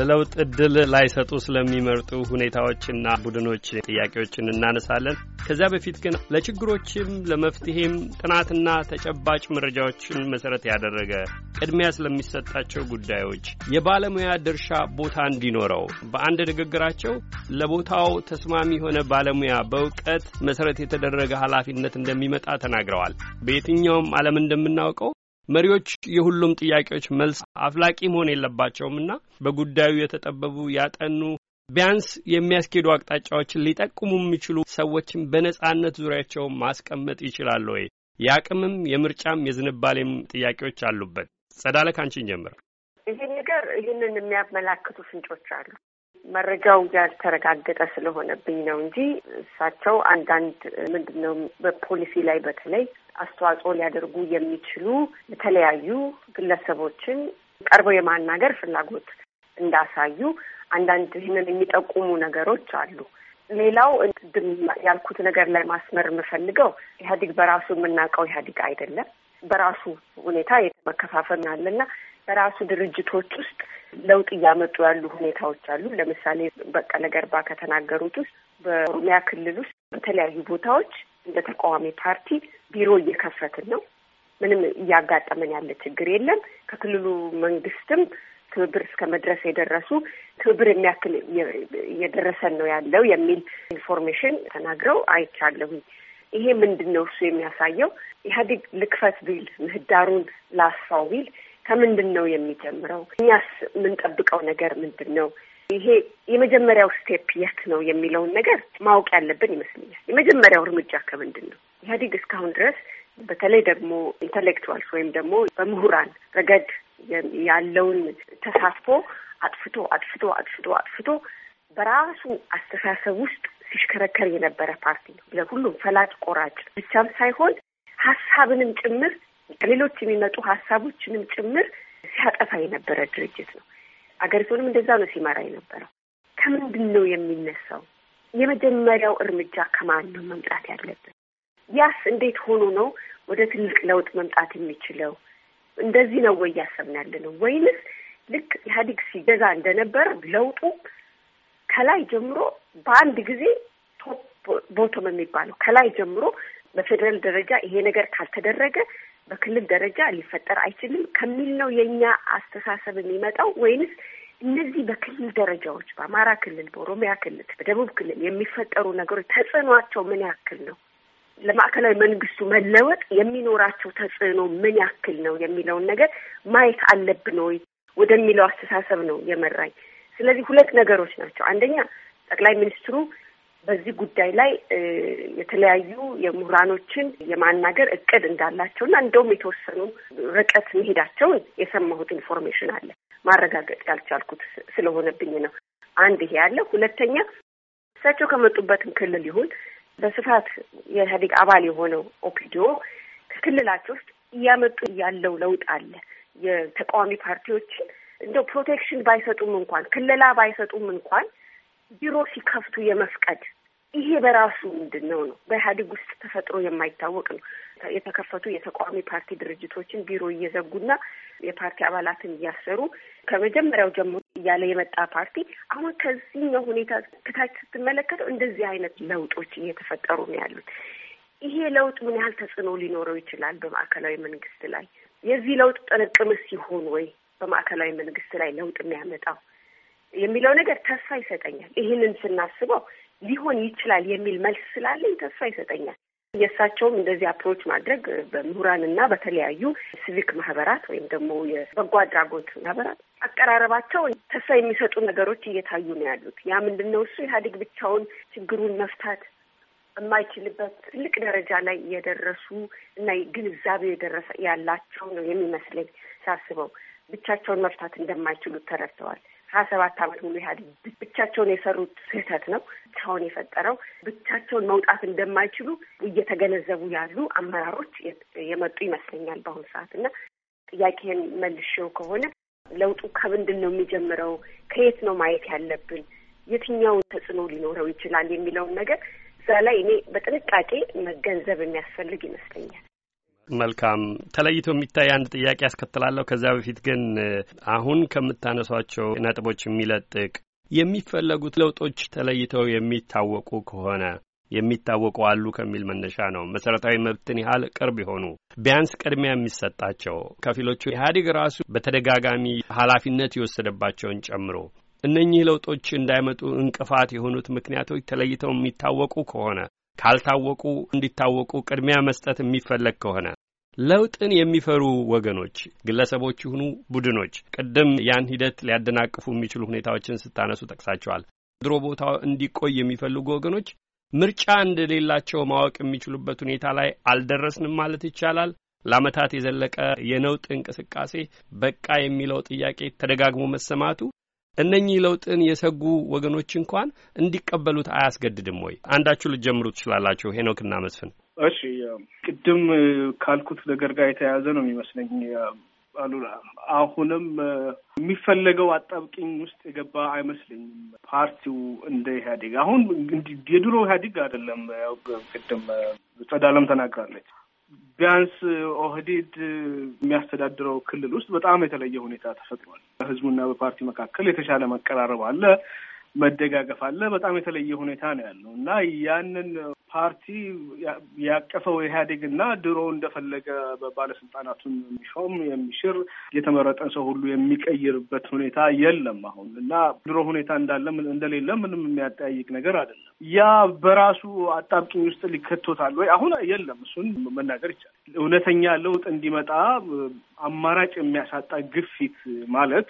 ለለውጥ እድል ላይሰጡ ስለሚመርጡ ሁኔታዎችና ቡድኖች ጥያቄዎችን እናነሳለን። ከዚያ በፊት ግን ለችግሮችም ለመፍትሄም ጥናትና ተጨባጭ መረጃዎችን መሰረት ያደረገ ቅድሚያ ስለሚሰጣቸው ጉዳዮች የባለሙያ ድርሻ ቦታ እንዲኖረው በአንድ ንግግራቸው ለቦታው ተስማሚ የሆነ ባለሙያ በእውቀት መሰረት የተደረገ ኃላፊነት እንደሚመጣ ተናግረዋል። በየትኛውም ዓለም እንደምናውቀው መሪዎች የሁሉም ጥያቄዎች መልስ አፍላቂ መሆን የለባቸውም እና በጉዳዩ የተጠበቡ ያጠኑ ቢያንስ የሚያስኬዱ አቅጣጫዎችን ሊጠቁሙ የሚችሉ ሰዎችን በነጻነት ዙሪያቸው ማስቀመጥ ይችላሉ ወይ? የአቅምም የምርጫም የዝንባሌም ጥያቄዎች አሉበት። ጸዳለ ካንቺን ጀምር። ይህን ነገር ይህንን የሚያመላክቱ ፍንጮች አሉ። መረጃው ያልተረጋገጠ ስለሆነብኝ ነው እንጂ እሳቸው አንዳንድ ምንድን ነው በፖሊሲ ላይ በተለይ አስተዋጽኦ ሊያደርጉ የሚችሉ የተለያዩ ግለሰቦችን ቀርበው የማናገር ፍላጎት እንዳሳዩ አንዳንድ ይህንን የሚጠቁሙ ነገሮች አሉ። ሌላው ቅድም ያልኩት ነገር ላይ ማስመር የምፈልገው ኢህአዴግ በራሱ የምናውቀው ኢህአዴግ አይደለም። በራሱ ሁኔታ አለ አለና በራሱ ድርጅቶች ውስጥ ለውጥ እያመጡ ያሉ ሁኔታዎች አሉ። ለምሳሌ በቀለ ገርባ ከተናገሩት ውስጥ በኦሮሚያ ክልል ውስጥ በተለያዩ ቦታዎች እንደ ተቃዋሚ ፓርቲ ቢሮ እየከፈትን ነው። ምንም እያጋጠመን ያለ ችግር የለም። ከክልሉ መንግስትም ትብብር እስከ መድረስ የደረሱ ትብብር የሚያክል እየደረሰን ነው ያለው የሚል ኢንፎርሜሽን ተናግረው አይቻለሁኝ። ይሄ ምንድን ነው እሱ የሚያሳየው? ኢህአዴግ ልክፈት ቢል ምህዳሩን ላስፋው ቢል ከምንድን ነው የሚጀምረው? እኛስ የምንጠብቀው ነገር ምንድን ነው? ይሄ የመጀመሪያው ስቴፕ የት ነው የሚለውን ነገር ማወቅ ያለብን ይመስለኛል። የመጀመሪያው እርምጃ ከምንድን ነው? ኢህአዴግ እስካሁን ድረስ በተለይ ደግሞ ኢንተሌክቱዋልስ ወይም ደግሞ በምሁራን ረገድ ያለውን ተሳትፎ አጥፍቶ አጥፍቶ አጥፍቶ አጥፍቶ በራሱ አስተሳሰብ ውስጥ ሲሽከረከር የነበረ ፓርቲ ነው። ለሁሉም ፈላጭ ቆራጭ ብቻም ሳይሆን ሀሳብንም ጭምር ከሌሎች የሚመጡ ሀሳቦችንም ጭምር ሲያጠፋ የነበረ ድርጅት ነው። አገሪቱንም እንደዛ ነው ሲመራ የነበረው። ከምንድን ነው የሚነሳው? የመጀመሪያው እርምጃ ከማን ነው መምጣት ያለብን? ያስ እንዴት ሆኖ ነው ወደ ትልቅ ለውጥ መምጣት የሚችለው? እንደዚህ ነው ወይ እያሰብን ያለ ነው? ወይንስ ልክ ኢህአዲግ ሲገዛ እንደነበረ ለውጡ ከላይ ጀምሮ በአንድ ጊዜ ቶፕ ቦቶም የሚባለው ከላይ ጀምሮ በፌዴራል ደረጃ ይሄ ነገር ካልተደረገ በክልል ደረጃ ሊፈጠር አይችልም ከሚል ነው የእኛ አስተሳሰብ የሚመጣው ወይንስ እነዚህ በክልል ደረጃዎች በአማራ ክልል፣ በኦሮሚያ ክልል፣ በደቡብ ክልል የሚፈጠሩ ነገሮች ተጽዕኗቸው ምን ያክል ነው? ለማዕከላዊ መንግስቱ መለወጥ የሚኖራቸው ተጽዕኖ ምን ያክል ነው የሚለውን ነገር ማየት አለብን ወይ ወደሚለው አስተሳሰብ ነው የመራኝ። ስለዚህ ሁለት ነገሮች ናቸው። አንደኛ ጠቅላይ ሚኒስትሩ በዚህ ጉዳይ ላይ የተለያዩ የምሁራኖችን የማናገር እቅድ እንዳላቸው ና እንደውም የተወሰኑ ርቀት መሄዳቸውን የሰማሁት ኢንፎርሜሽን አለ። ማረጋገጥ ያልቻልኩት ስለሆነብኝ ነው። አንድ ይሄ ያለ። ሁለተኛ እሳቸው ከመጡበትም ክልል ይሁን በስፋት የኢህአዴግ አባል የሆነው ኦፒዲዮ ከክልላቸው ውስጥ እያመጡ ያለው ለውጥ አለ። የተቃዋሚ ፓርቲዎችን እንደው ፕሮቴክሽን ባይሰጡም እንኳን ክልላ ባይሰጡም እንኳን ቢሮ ሲከፍቱ የመፍቀድ ይሄ በራሱ ምንድን ነው ነው በኢህአዴግ ውስጥ ተፈጥሮ የማይታወቅ ነው። የተከፈቱ የተቃዋሚ ፓርቲ ድርጅቶችን ቢሮ እየዘጉና የፓርቲ አባላትን እያሰሩ ከመጀመሪያው ጀምሮ እያለ የመጣ ፓርቲ አሁን ከዚህኛው ሁኔታ ከታች ስትመለከተው እንደዚህ አይነት ለውጦች እየተፈጠሩ ነው ያሉት። ይሄ ለውጥ ምን ያህል ተጽዕኖ ሊኖረው ይችላል በማዕከላዊ መንግስት ላይ? የዚህ ለውጥ ጥርቅምስ ሲሆን ወይ በማዕከላዊ መንግስት ላይ ለውጥ የሚያመጣው የሚለው ነገር ተስፋ ይሰጠኛል። ይህንን ስናስበው ሊሆን ይችላል የሚል መልስ ስላለኝ ተስፋ ይሰጠኛል። የእሳቸውም እንደዚህ አፕሮች ማድረግ በምሁራን እና በተለያዩ ሲቪክ ማህበራት ወይም ደግሞ የበጎ አድራጎት ማህበራት አቀራረባቸው ተስፋ የሚሰጡ ነገሮች እየታዩ ነው ያሉት። ያ ምንድን ነው? እሱ ኢህአዴግ ብቻውን ችግሩን መፍታት የማይችልበት ትልቅ ደረጃ ላይ እየደረሱ እና ግንዛቤ የደረሰ ያላቸው ነው የሚመስለኝ ሳስበው ብቻቸውን መፍታት እንደማይችሉት ተረድተዋል። ሀያ ሰባት ዓመት ሙሉ ኢህአዴግ ብቻቸውን የሰሩት ስህተት ነው። ብቻውን የፈጠረው ብቻቸውን መውጣት እንደማይችሉ እየተገነዘቡ ያሉ አመራሮች የመጡ ይመስለኛል በአሁኑ ሰዓት እና ጥያቄህን መልሼው ከሆነ ለውጡ ከምንድን ነው የሚጀምረው? ከየት ነው ማየት ያለብን? የትኛውን ተጽዕኖ ሊኖረው ይችላል የሚለውን ነገር እዛ ላይ እኔ በጥንቃቄ መገንዘብ የሚያስፈልግ ይመስለኛል። መልካም ተለይቶ የሚታይ አንድ ጥያቄ ያስከትላለሁ። ከዚያ በፊት ግን አሁን ከምታነሷቸው ነጥቦች የሚለጥቅ የሚፈለጉት ለውጦች ተለይተው የሚታወቁ ከሆነ የሚታወቁ አሉ ከሚል መነሻ ነው። መሰረታዊ መብትን ያህል ቅርብ የሆኑ ቢያንስ ቅድሚያ የሚሰጣቸው ከፊሎቹ ኢህአዴግ ራሱ በተደጋጋሚ ኃላፊነት የወሰደባቸውን ጨምሮ እነኚህ ለውጦች እንዳይመጡ እንቅፋት የሆኑት ምክንያቶች ተለይተው የሚታወቁ ከሆነ ካልታወቁ እንዲታወቁ ቅድሚያ መስጠት የሚፈለግ ከሆነ ለውጥን የሚፈሩ ወገኖች ግለሰቦች ይሁኑ ቡድኖች፣ ቅድም ያን ሂደት ሊያደናቅፉ የሚችሉ ሁኔታዎችን ስታነሱ ጠቅሳቸዋል። ድሮ ቦታው እንዲቆይ የሚፈልጉ ወገኖች ምርጫ እንደሌላቸው ማወቅ የሚችሉበት ሁኔታ ላይ አልደረስንም ማለት ይቻላል። ለአመታት የዘለቀ የነውጥ እንቅስቃሴ በቃ የሚለው ጥያቄ ተደጋግሞ መሰማቱ እነኚህ ለውጥን የሰጉ ወገኖች እንኳን እንዲቀበሉት አያስገድድም ወይ? አንዳችሁ ልትጀምሩ ትችላላችሁ። ሄኖክና መስፍን እሺ ቅድም ካልኩት ነገር ጋር የተያያዘ ነው የሚመስለኝ አሉላ። አሁንም የሚፈለገው አጣብቂኝ ውስጥ የገባ አይመስለኝም ፓርቲው እንደ ኢህአዴግ። አሁን የድሮ ኢህአዴግ አይደለም። ያው ቅድም ጸዳለም ተናግራለች። ቢያንስ ኦህዴድ የሚያስተዳድረው ክልል ውስጥ በጣም የተለየ ሁኔታ ተፈጥሯል። በህዝቡና በፓርቲ መካከል የተሻለ መቀራረብ አለ። መደጋገፍ አለ። በጣም የተለየ ሁኔታ ነው ያለው እና ያንን ፓርቲ ያቀፈው ኢህአዴግ እና ድሮ እንደፈለገ በባለስልጣናቱን የሚሾም የሚሽር የተመረጠን ሰው ሁሉ የሚቀይርበት ሁኔታ የለም አሁን እና ድሮ ሁኔታ እንዳለ እንደሌለ ምንም የሚያጠያይቅ ነገር አይደለም። ያ በራሱ አጣብቂኝ ውስጥ ሊከቶታል ወይ? አሁን የለም። እሱን መናገር ይቻላል። እውነተኛ ለውጥ እንዲመጣ አማራጭ የሚያሳጣ ግፊት ማለት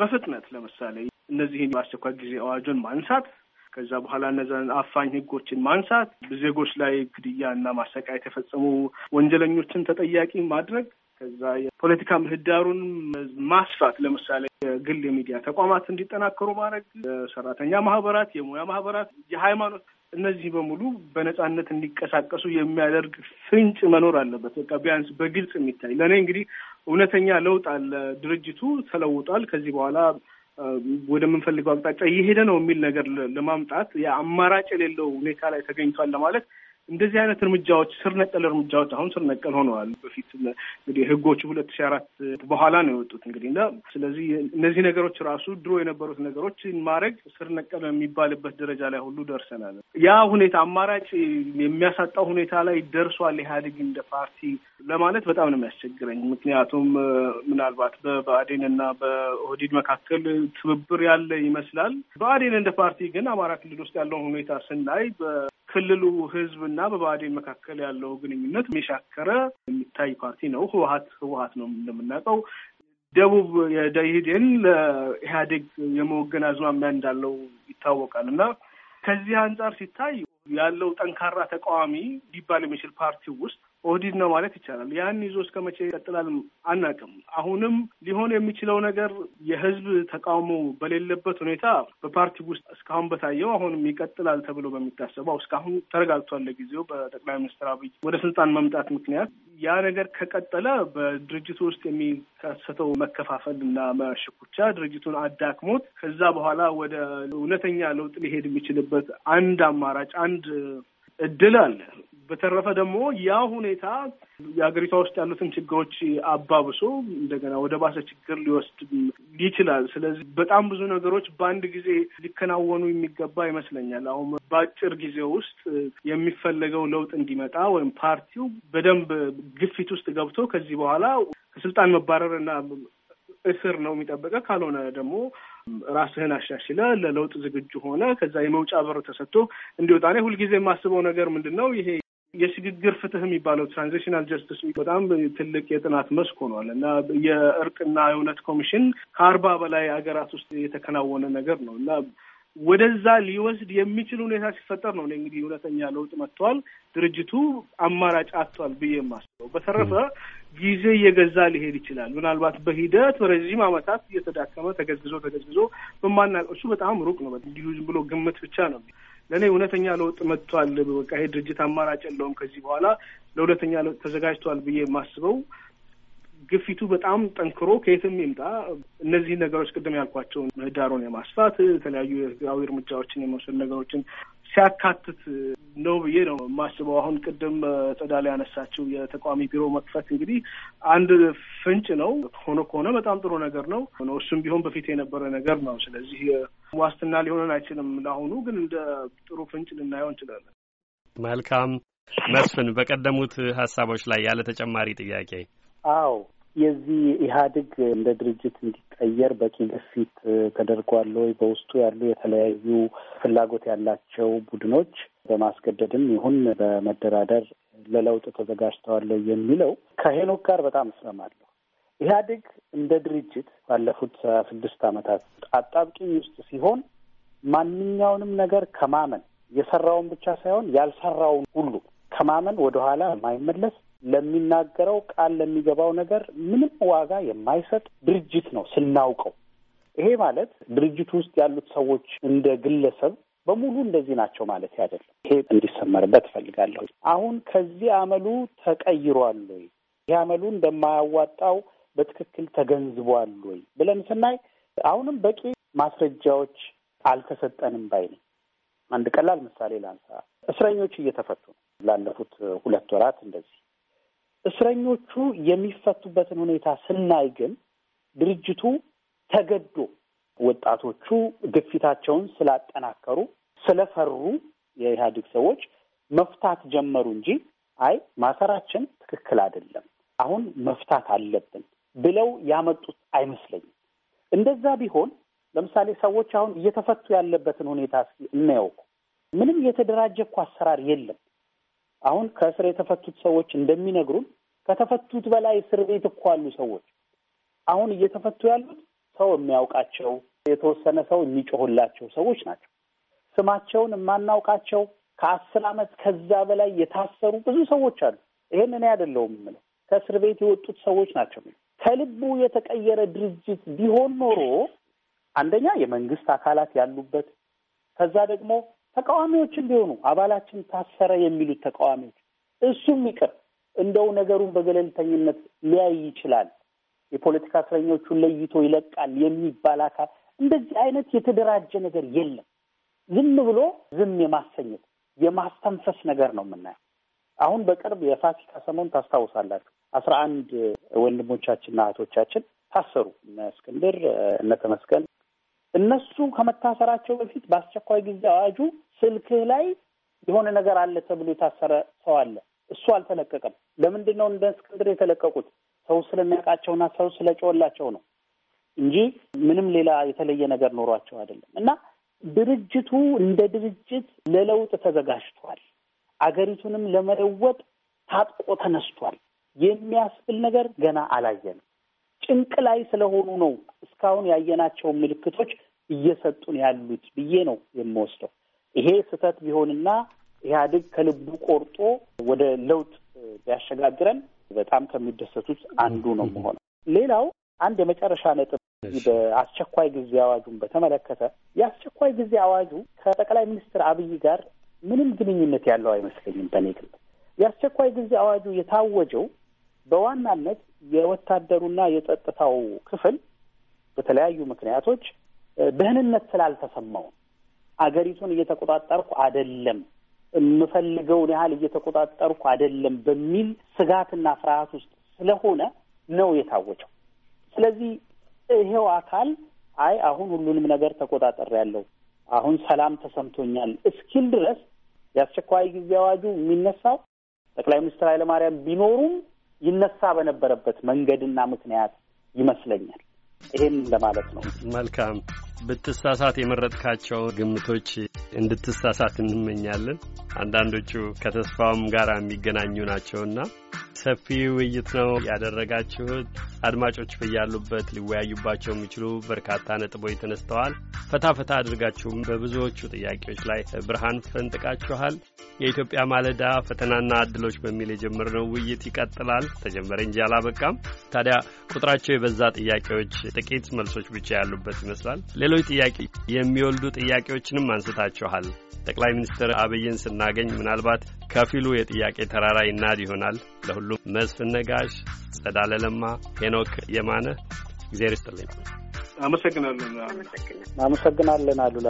በፍጥነት ለምሳሌ እነዚህን የአስቸኳይ ጊዜ አዋጆን ማንሳት ከዛ በኋላ እነዛን አፋኝ ህጎችን ማንሳት፣ ዜጎች ላይ ግድያ እና ማሰቃየት የተፈጸሙ ወንጀለኞችን ተጠያቂ ማድረግ፣ ከዛ የፖለቲካ ምህዳሩን ማስፋት፣ ለምሳሌ የግል የሚዲያ ተቋማት እንዲጠናከሩ ማድረግ፣ የሰራተኛ ማህበራት፣ የሙያ ማህበራት፣ የሃይማኖት እነዚህ በሙሉ በነጻነት እንዲንቀሳቀሱ የሚያደርግ ፍንጭ መኖር አለበት። በቃ ቢያንስ በግልጽ የሚታይ ለእኔ እንግዲህ እውነተኛ ለውጥ አለ። ድርጅቱ ተለውጧል። ከዚህ በኋላ ወደምንፈልገው አቅጣጫ እየሄደ ነው የሚል ነገር ለማምጣት የአማራጭ የሌለው ሁኔታ ላይ ተገኝቷል ለማለት እንደዚህ አይነት እርምጃዎች ስር ነቀል እርምጃዎች አሁን ስር ነቀል ሆነዋል። በፊት እንግዲህ ህጎቹ ሁለት ሺ አራት በኋላ ነው የወጡት እንግዲህ እና ስለዚህ እነዚህ ነገሮች ራሱ ድሮ የነበሩት ነገሮች ማድረግ ስር ነቀል የሚባልበት ደረጃ ላይ ሁሉ ደርሰናል። ያ ሁኔታ አማራጭ የሚያሳጣው ሁኔታ ላይ ደርሷል ኢህአዴግ እንደ ፓርቲ ለማለት በጣም ነው የሚያስቸግረኝ። ምክንያቱም ምናልባት በብአዴን እና በኦህዴድ መካከል ትብብር ያለ ይመስላል። ብአዴን እንደ ፓርቲ ግን አማራ ክልል ውስጥ ያለውን ሁኔታ ስናይ ክልሉ ህዝብና በብአዴን መካከል ያለው ግንኙነት የሚሻከረ የሚታይ ፓርቲ ነው። ህወሀት ህወሀት ነው እንደምናውቀው። ደቡብ የደኢህዴን ለኢህአዴግ የመወገን አዝማሚያ እንዳለው ይታወቃል እና ከዚህ አንጻር ሲታይ ያለው ጠንካራ ተቃዋሚ ሊባል የሚችል ፓርቲ ውስጥ ኦህዲድ ነው ማለት ይቻላል። ያን ይዞ እስከ መቼ ይቀጥላል አናቅም። አሁንም ሊሆን የሚችለው ነገር የህዝብ ተቃውሞ በሌለበት ሁኔታ በፓርቲ ውስጥ እስካሁን በታየው አሁንም ይቀጥላል ተብሎ በሚታሰበው እስካሁን ተረጋግቷል ለጊዜው በጠቅላይ ሚኒስትር አብይ ወደ ስልጣን መምጣት ምክንያት ያ ነገር ከቀጠለ በድርጅቱ ውስጥ የሚከሰተው መከፋፈል እና መሽኩቻ ድርጅቱን አዳክሞት ከዛ በኋላ ወደ እውነተኛ ለውጥ ሊሄድ የሚችልበት አንድ አማራጭ አንድ እድል አለ። በተረፈ ደግሞ ያ ሁኔታ የሀገሪቷ ውስጥ ያሉትን ችግሮች አባብሶ እንደገና ወደ ባሰ ችግር ሊወስድ ይችላል። ስለዚህ በጣም ብዙ ነገሮች በአንድ ጊዜ ሊከናወኑ የሚገባ ይመስለኛል። አሁን በአጭር ጊዜ ውስጥ የሚፈለገው ለውጥ እንዲመጣ ወይም ፓርቲው በደንብ ግፊት ውስጥ ገብቶ ከዚህ በኋላ ከስልጣን መባረር እና እስር ነው የሚጠበቀ ካልሆነ ደግሞ ራስህን አሻሽለ ለለውጥ ዝግጁ ሆነ ከዛ የመውጫ በር ተሰጥቶ እንዲወጣ። እኔ ሁልጊዜ የማስበው ነገር ምንድን ነው ይሄ የሽግግር ፍትህ የሚባለው ትራንዚሽናል ጀስቲስ በጣም ትልቅ የጥናት መስክ ሆኗል እና የእርቅና የእውነት ኮሚሽን ከአርባ በላይ ሀገራት ውስጥ የተከናወነ ነገር ነው እና ወደዛ ሊወስድ የሚችል ሁኔታ ሲፈጠር ነው እንግዲህ እውነተኛ ለውጥ መጥተዋል። ድርጅቱ አማራጭ አጥቷል ብዬ የማስበው። በተረፈ ጊዜ እየገዛ ሊሄድ ይችላል። ምናልባት በሂደት በረዥም ዓመታት እየተዳከመ ተገዝግዞ ተገዝግዞ በማናውቀው እሱ በጣም ሩቅ ነው። እንዲሁ ዝም ብሎ ግምት ብቻ ነው። ለእኔ እውነተኛ ለውጥ መጥቷል። በቃ ይሄ ድርጅት አማራጭ የለውም ከዚህ በኋላ ለሁለተኛ ለውጥ ተዘጋጅቷል ብዬ የማስበው ግፊቱ በጣም ጠንክሮ ከየትም ይምጣ እነዚህ ነገሮች ቅድም ያልኳቸውን ምህዳሩን የማስፋት የተለያዩ የህጋዊ እርምጃዎችን የመውሰድ ነገሮችን ሲያካትት ነው ብዬ ነው የማስበው። አሁን ቅድም ላይ ያነሳችው የተቋሚ ቢሮ መክፈት እንግዲህ አንድ ፍንጭ ነው። ሆኖ ከሆነ በጣም ጥሩ ነገር ነው። እሱም ቢሆን በፊት የነበረ ነገር ነው። ስለዚህ ዋስትና ሊሆነን አይችልም። ለአሁኑ ግን እንደ ጥሩ ፍንጭ ልናየው እንችላለን። መልካም መስፍን፣ በቀደሙት ሀሳቦች ላይ ያለ ተጨማሪ ጥያቄ? አዎ የዚህ ኢህአዴግ እንደ ድርጅት እንዲቀየር በቂ ግፊት ተደርጓል ወይ? በውስጡ ያሉ የተለያዩ ፍላጎት ያላቸው ቡድኖች በማስገደድም ይሁን በመደራደር ለለውጥ ተዘጋጅተዋል የሚለው ከሄኖክ ጋር በጣም እስማማለሁ። ኢህአዴግ እንደ ድርጅት ባለፉት ስድስት ዓመታት አጣብቂኝ ውስጥ ሲሆን ማንኛውንም ነገር ከማመን የሰራውን ብቻ ሳይሆን ያልሰራውን ሁሉ ከማመን ወደኋላ የማይመለስ ለሚናገረው ቃል ለሚገባው ነገር ምንም ዋጋ የማይሰጥ ድርጅት ነው ስናውቀው። ይሄ ማለት ድርጅቱ ውስጥ ያሉት ሰዎች እንደ ግለሰብ በሙሉ እንደዚህ ናቸው ማለት አይደለም። ይሄ እንዲሰመርበት እፈልጋለሁ። አሁን ከዚህ አመሉ ተቀይሯል ወይ? ይህ አመሉ እንደማያዋጣው በትክክል ተገንዝቧል ወይ ብለን ስናይ አሁንም በቂ ማስረጃዎች አልተሰጠንም ባይ ነኝ። አንድ ቀላል ምሳሌ ላንሳ። እስረኞቹ እየተፈቱ ነው። ላለፉት ሁለት ወራት እንደዚህ እስረኞቹ የሚፈቱበትን ሁኔታ ስናይ ግን ድርጅቱ ተገዶ ወጣቶቹ ግፊታቸውን ስላጠናከሩ ስለፈሩ የኢህአዴግ ሰዎች መፍታት ጀመሩ እንጂ አይ ማሰራችን ትክክል አይደለም፣ አሁን መፍታት አለብን ብለው ያመጡት አይመስለኝም። እንደዛ ቢሆን ለምሳሌ ሰዎች አሁን እየተፈቱ ያለበትን ሁኔታ እስኪ እናየው። ምንም የተደራጀ እኮ አሰራር የለም። አሁን ከእስር የተፈቱት ሰዎች እንደሚነግሩን ከተፈቱት በላይ እስር ቤት እኮ አሉ ሰዎች። አሁን እየተፈቱ ያሉት ሰው የሚያውቃቸው የተወሰነ ሰው የሚጮሁላቸው ሰዎች ናቸው። ስማቸውን የማናውቃቸው ከአስር ዓመት ከዛ በላይ የታሰሩ ብዙ ሰዎች አሉ። ይሄን እኔ አይደለሁም የምለው ከእስር ቤት የወጡት ሰዎች ናቸው። ከልቡ የተቀየረ ድርጅት ቢሆን ኖሮ አንደኛ የመንግስት አካላት ያሉበት፣ ከዛ ደግሞ ተቃዋሚዎች እንዲሆኑ አባላችን ታሰረ የሚሉት ተቃዋሚዎች እሱም ይቅር እንደው ነገሩን በገለልተኝነት ሊያይ ይችላል፣ የፖለቲካ እስረኞቹን ለይቶ ይለቃል የሚባል አካል እንደዚህ አይነት የተደራጀ ነገር የለም። ዝም ብሎ ዝም የማሰኘት የማስተንፈስ ነገር ነው የምናየው። አሁን በቅርብ የፋሲካ ሰሞን ታስታውሳላችሁ አስራ አንድ ወንድሞቻችንና እህቶቻችን ታሰሩ። እነ እስክንድር እነ ተመስገን እነሱ ከመታሰራቸው በፊት በአስቸኳይ ጊዜ አዋጁ ስልክህ ላይ የሆነ ነገር አለ ተብሎ የታሰረ ሰው አለ። እሱ አልተለቀቀም። ለምንድን ነው እንደ እስክንድር የተለቀቁት? ሰው ስለሚያውቃቸውና ሰው ስለጮላቸው ነው እንጂ ምንም ሌላ የተለየ ነገር ኖሯቸው አይደለም። እና ድርጅቱ እንደ ድርጅት ለለውጥ ተዘጋጅቷል። አገሪቱንም ለመለወጥ ታጥቆ ተነስቷል። የሚያስብል ነገር ገና አላየንም። ጭንቅ ላይ ስለሆኑ ነው እስካሁን ያየናቸው ምልክቶች እየሰጡን ያሉት ብዬ ነው የምወስደው። ይሄ ስህተት ቢሆንና ኢህአዴግ ከልቡ ቆርጦ ወደ ለውጥ ቢያሸጋግረን በጣም ከሚደሰቱት አንዱ ነው መሆነው። ሌላው አንድ የመጨረሻ ነጥብ በአስቸኳይ ጊዜ አዋጁን በተመለከተ የአስቸኳይ ጊዜ አዋጁ ከጠቅላይ ሚኒስትር አብይ ጋር ምንም ግንኙነት ያለው አይመስለኝም። በእኔ ግን የአስቸኳይ ጊዜ አዋጁ የታወጀው በዋናነት የወታደሩና የጸጥታው ክፍል በተለያዩ ምክንያቶች ደህንነት ስላልተሰማው አገሪቱን እየተቆጣጠርኩ አይደለም፣ የምፈልገውን ያህል እየተቆጣጠርኩ አይደለም በሚል ስጋትና ፍርሃት ውስጥ ስለሆነ ነው የታወጀው። ስለዚህ ይሄው አካል አይ አሁን ሁሉንም ነገር ተቆጣጠር ያለው አሁን ሰላም ተሰምቶኛል እስኪል ድረስ የአስቸኳይ ጊዜ አዋጁ የሚነሳው ጠቅላይ ሚኒስትር ኃይለማርያም ቢኖሩም ይነሳ በነበረበት መንገድና ምክንያት ይመስለኛል። ይሄን ለማለት ነው። መልካም ብትሳሳት የመረጥካቸው ግምቶች እንድትሳሳት እንመኛለን። አንዳንዶቹ ከተስፋውም ጋር የሚገናኙ ናቸውና ሰፊ ውይይት ነው ያደረጋችሁት። አድማጮች በያሉበት ሊወያዩባቸው የሚችሉ በርካታ ነጥቦች ተነስተዋል። ፈታ ፈታ አድርጋችሁም በብዙዎቹ ጥያቄዎች ላይ ብርሃን ፈንጥቃችኋል። የኢትዮጵያ ማለዳ ፈተናና እድሎች በሚል የጀመርነው ውይይት ይቀጥላል። ተጀመረ እንጂ አላበቃም። ታዲያ ቁጥራቸው የበዛ ጥያቄዎች ጥቂት መልሶች ብቻ ያሉበት ይመስላል። ሌሎች ጥያቄ የሚወልዱ ጥያቄዎችንም አንስታችኋል። ጠቅላይ ሚኒስትር አብይን ስናገኝ ምናልባት ከፊሉ የጥያቄ ተራራ ይናድ ይሆናል። ለሁሉም መስፍን ነጋሽ፣ ጸዳለ ለማ፣ ሄኖክ የማነ እግዜር ይስጥልኝ። አመሰግናለን። አመሰግናለን አሉላ